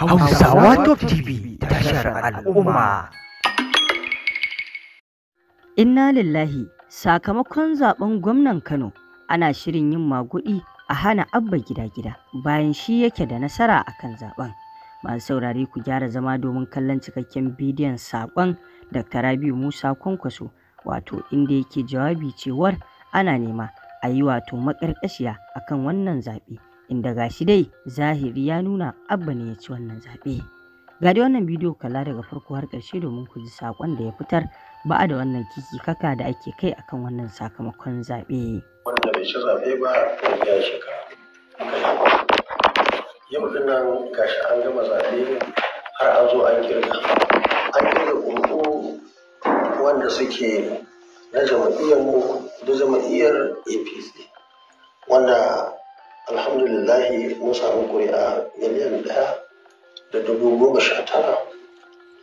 Hausawa Top TV tashar al'umma. Inna lillahi sakamakon zaben gwamnan Kano ana shirin yin magudi a hana abba gida-gida bayan shi yake da nasara a kan zaben. Masu saurare ku gyara zama domin kallon cikakken bidiyon saƙon Dr. Rabiu Musa Kwankwaso wato inda yake jawabi cewar ana nema a yi wato maƙarƙashiya akan wannan zaɓe. inda gashi dai zahiri ya nuna Abba ne ya ci wannan zaɓe. Ga dai wannan bidiyo kalla daga farko har ƙarshe domin ku ji saƙon da ya fitar ba'a da wannan kiki kaka da ake kai akan wannan sakamakon zaɓe. Wanda bai ci zaɓe ba ya shiga. Yau nan gashi an gama zaɓe har an zo an kirga. An kirga ƙuri'u wanda suke na jama'iyyar mu da jama'iyyar APC. Wanda lillahi mun samu a miliyan ɗaya da dubu goma sha tara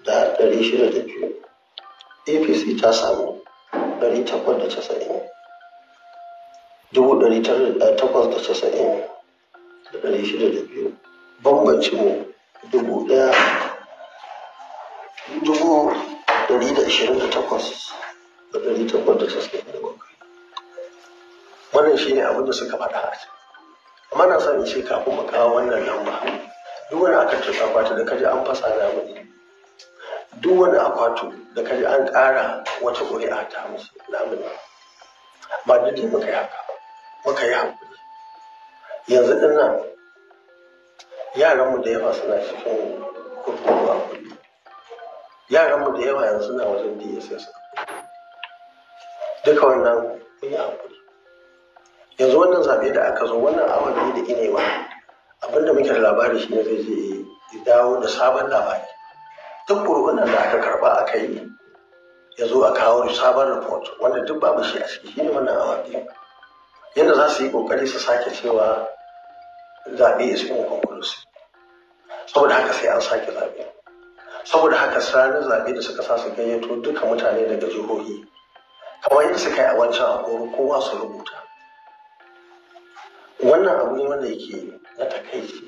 da ɗari shida da biyu apc ta samu ɗari takwas da casa'in dubu ɗari eh, takwas da casa'in da ɗari shida da biyu bambanci mu dubu ɗaya dubu ɗari da ashirin da takwas da ɗari takwas da casa'in da bakwai wannan shi ne abin da suka faɗa a cikin Muna son in ce kafin mu kawo wannan lamba duk wani akwatin akwati da kaji an fasa na mu duk wani akwato da kaji an ƙara wata ƙuri'a ta musu namu ba da dai muka yi haka muka yi haƙuri yanzu ɗin nan yaranmu da yawa suna cikin kurkuku a kullum yaranmu da yawa yanzu suna wajen dss duka wannan mun yi haƙuri yanzu wannan zaɓe da aka zo wannan abin ne da inewa abinda muke da labari shi ne zai je ya dawo da sabon labari duk gurgunan da aka karba a kai ya zo a kawo sabon report wanda duk babu shi a ciki shi ne wannan abin biyu yadda za su yi kokari su sake cewa zaɓe is inconclusive saboda haka sai an sake zaɓe saboda haka sanin zaɓe da suka sa su gayyato duka mutane daga jihohi kamar yadda suka yi a wancan a kowa su rubuta wannan abu ne wanda yake na takaici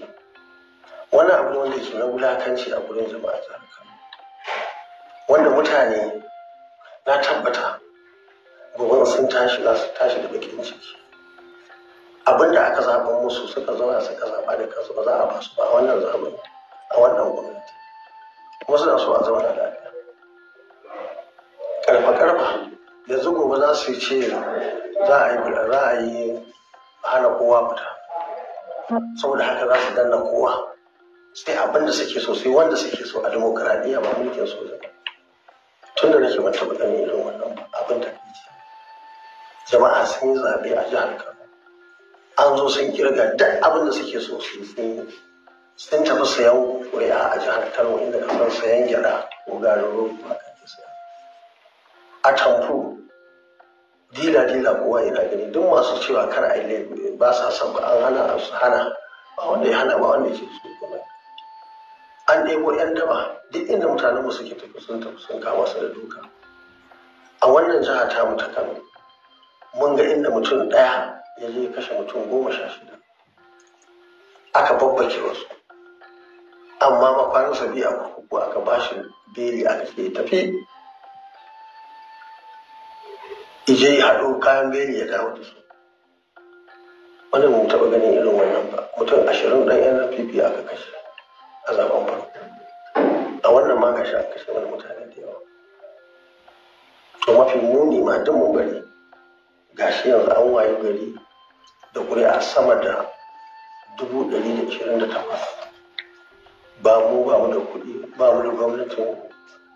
wannan abu ne wanda yake na wulakanci a gurin jama'a jihar kano wanda mutane na tabbata gobin sun tashi za su tashi da bakin ciki abinda aka zaɓa musu suka zauna suka zaɓa da kansu ba za a basu ba a wannan zamani a wannan gwamnati kuma suna so a zauna lafiya karfa karfa yanzu gobe za su ce za a yi za a yi hana kowa fita saboda haka za su danna kowa sai abin da suke so sai wanda suke so a demokaradiyya ba mulkin soja tun da nake mata mutane irin wannan abin da jama'a sun yi zaɓe a jihar Kano an zo sun kirga duk abin da suke so su yi sun tafi sayan kuri'a a jihar Kano inda kamar sayan gyara ko garin rogo a tamfu dila dila kowa ya ina gani duk masu cewa kar a yi ba sa san ba an hana su hana ba wanda ya hana ba wanda ke so an ɗebo yan daba duk inda mutanen mu suke tafi sun tafi sun kama su da doka. a wannan jiha ta mu ta kano mun ga inda mutum ɗaya ya je kashe mutum goma sha shida aka babbake wasu amma kwanan sabi a kurkuku aka bashi beli aka ce tafi ije ya haɗo kayan beli ya dawo da su wannan mun taɓa ganin irin wannan ba mutum ashirin ɗan rafifi aka kashe a zaben farko a wannan ma kashe aka kashe wani mutane da yawa to mafi muni ma duk mun ga shi yanzu an wayi gari da ƙuri'a sama da dubu ɗari da ashirin da takwas ba mu ba mu da kuɗi ba mu da gwamnatin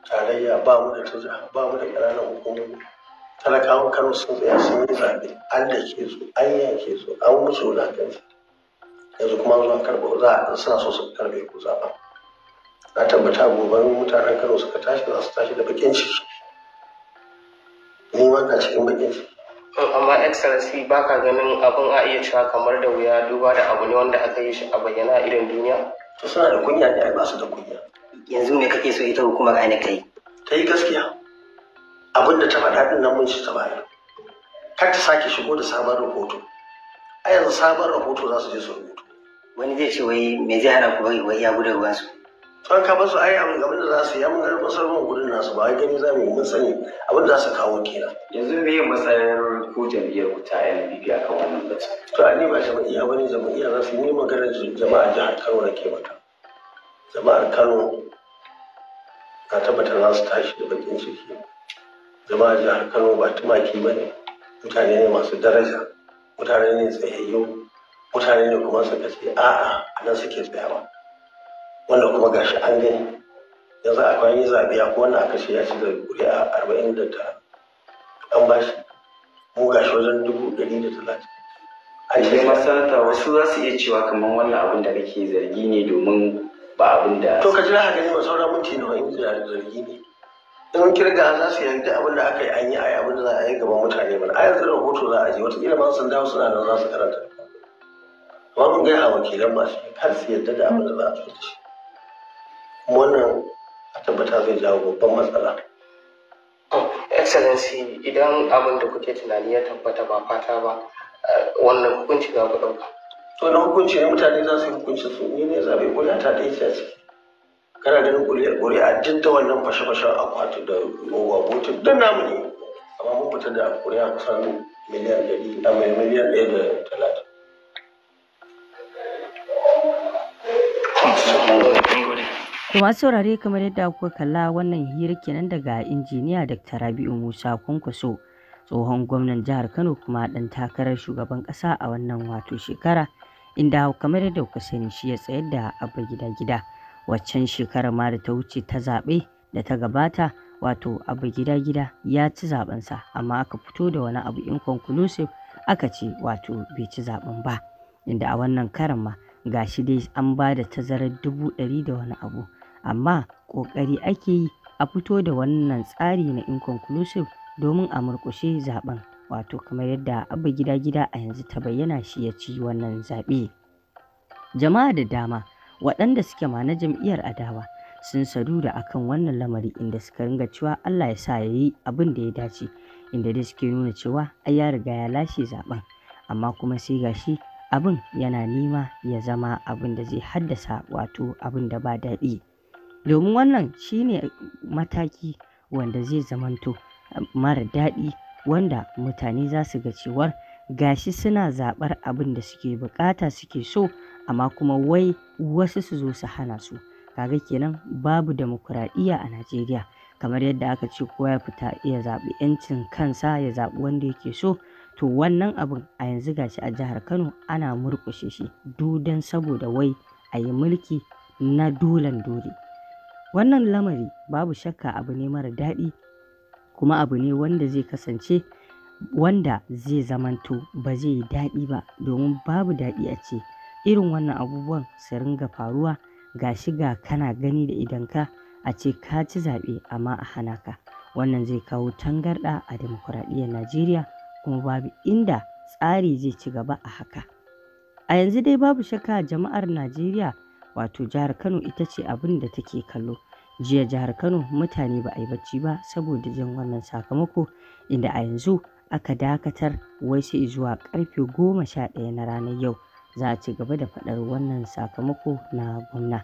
tarayya ba mu da ta ba mu da ƙananan hukumomi talakawan kano sun tsaya sun yi zaɓe an da ke su an yanke su an wuce wulaƙanci yanzu kuma zuwa karɓa za a suna so su karɓe ku zaɓa na tabbata goben mutanen kano suka tashi za su tashi da bakin ciki ni wannan cikin bakin ciki amma excellency ba ka ganin abin a iya cewa kamar da wuya duba da abu ne wanda aka yi shi a bayyana irin duniya to suna da kunya ne ai ba su da kunya yanzu me kake so ita hukumar INEC ta yi ta yi gaskiya abin da ta faɗa ɗin nan mun shi ta baya kar ta sake shigo da sabon rahoto a yanzu sabon rahoto za su je su rubutu wani zai ce wai me zai hana ku wai ya gudu ruwan su tsohon ka basu ai abin gaban da za su yi amma ba masar mun gudun nasu ba wai gani za mu mun sani abin da za su kawo kenan yanzu me yin matsayar ko jam'iyyar ku ta bibi a kan wannan batu to an ba jam'iyya bane jam'iyya za su yi magana jama'a jihar Kano da ke mata jama'ar Kano na tabbatar za su tashi da bakin ciki Zama a jihar kano ba tumaki ba ne mutane ne masu daraja mutane ne tsayayyu mutane ne kuma suka ce a'a a nan suke tsayawa wanda kuma gashi an gani yanzu a kwanan zaɓe ya kuma aka ce ya ci da kuri'a arba'in da ta an bashi. shi mu gashi wajen dubu ɗari da talatin a shi masarauta wasu za su iya cewa kamar wannan abin da kake zargi ne domin ba abin da to ka jira haka ne ba sauran minti nawa in zargi ne in kirga za su yanke abin da aka yi an yi a abin da za a yi gaban mutane ba a yanzu rahoto za a je wata ilimin sun dawo suna nan za su karanta amma mun gaya a wakilan masu har su yadda da abin da za a so da shi wannan a tabbata zai jawo babban matsala. excellency idan abin da kuke tunani ya tabbata ba fata ba eh, wannan hukunci za ku ɗauka. to na hukunci ne mutane za su yi hukunci su ne ne zaɓe ko ya ta ɗaya ce kana ganin ƙuri'ar ƙuri'a duk da wannan fashe-fashen akwati da ruwa botin don namu ne amma mun fita da a kusan miliyan ɗari a miliyan ɗaya da talatin. kuma saurare kamar yadda kuka kalla wannan hira kenan daga injiniya Dr. Rabi'u Musa Kwankwaso tsohon gwamnan jihar Kano kuma ɗan takarar shugaban ƙasa a wannan wato shekara inda kamar yadda kuka sani shi ya tsayar da abu gida-gida. waccan shekarar ma da ta wuce ta zaɓe da ta gabata wato abu gida gida ya ci zaɓensa amma aka fito da wani abu in inconclusive aka ce wato bai ci zaɓen ba inda a wannan karan ma ga shi dai an ba da tazarar dubu ɗari da wani abu amma ƙoƙari ake yi a fito da wannan tsari na inconclusive domin a murƙushe zaɓen wato kamar yadda abu gida gida a yanzu ta bayyana shi ya ci wannan zaɓe jama'a da dama waɗanda suke ma na jam'iyyar adawa sun sadu da akan wannan lamari inda suka ringa cewa Allah ya sa ya yi abin da ya dace inda dai suke nuna cewa ai ya riga ya lashe zaben amma kuma sai gashi abin yana nema ya zama abin da zai haddasa wato abin da ba daɗi domin wannan shine mataki wanda zai zamanto mara daɗi wanda mutane za su ga cewar ga shi suna zaɓar abin da suke buƙata suke so amma kuma wai wasu su zo su hana su. Kaga kenan babu demokuraɗiyya a Najeriya. Kamar yadda aka ce kowa ya fita ya zaɓi 'yancin kansa ya zaɓi wanda yake so. To wannan abin a yanzu ga a jihar Kano ana murƙushe shi du don saboda wai a yi mulki na dolan dole. Wannan lamari babu shakka abu ne mara daɗi kuma abu ne wanda zai kasance wanda zai zamanto ba zai yi daɗi ba domin babu daɗi a ce irin wannan abubuwan su ringa faruwa ga shi ga kana gani da idan ka a ce ka ci zaɓe amma a hana ka wannan zai kawo tangarɗa a demokuraɗiyyar najeriya kuma babu inda tsari zai ci gaba a haka a yanzu dai babu shakka jama'ar najeriya wato jihar kano ita ce abin da take kallo jiya jihar kano mutane ba a yi bacci ba saboda jin wannan sakamako inda a yanzu aka dakatar wai sai zuwa karfe goma sha ɗaya na ranar yau za a ci gaba da faɗar wannan sakamako na gwamna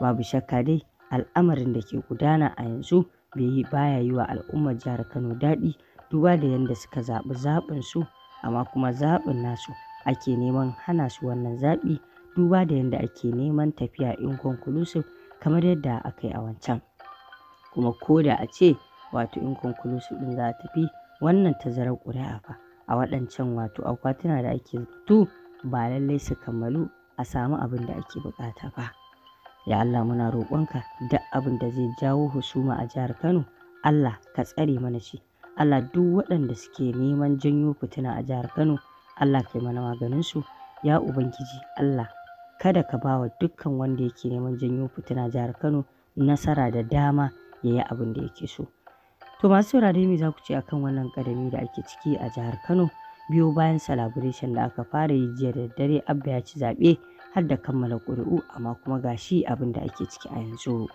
babu shakka dai al'amarin da ke gudana a yanzu bai baya yi wa al'ummar jihar kano daɗi duba da yadda suka zaɓi zaɓin su amma kuma zaɓin nasu ake neman hana su wannan zaɓi duba da yadda ake neman tafiya inconclusive kamar yadda aka yi a wancan kuma ko da a ce wato inconclusive ɗin za a tafi wannan tazarar ƙuri'a fa a waɗancan wato akwatuna da ake rubutu ba lallai su kammalu a samu abin da ake buƙata ba ya Allah muna roƙonka duk abin da zai jawo husuma a jihar Kano Allah ka tsare mana shi Allah duk waɗanda suke neman janyo fitina a jihar Kano Allah kai mana maganin su ya ubangiji Allah kada ka bawa dukkan wanda yake neman janyo fitina jihar Kano nasara da dama ya yi abin da yake so To masu saurare me za ku ce akan wannan ƙarami da ake ciki a jihar Kano biyo bayan celebration da aka fara yi jiya da daddare Abba ya ci zaɓe har da kammala ƙuri'u amma kuma gashi abin da ake ciki a yanzu.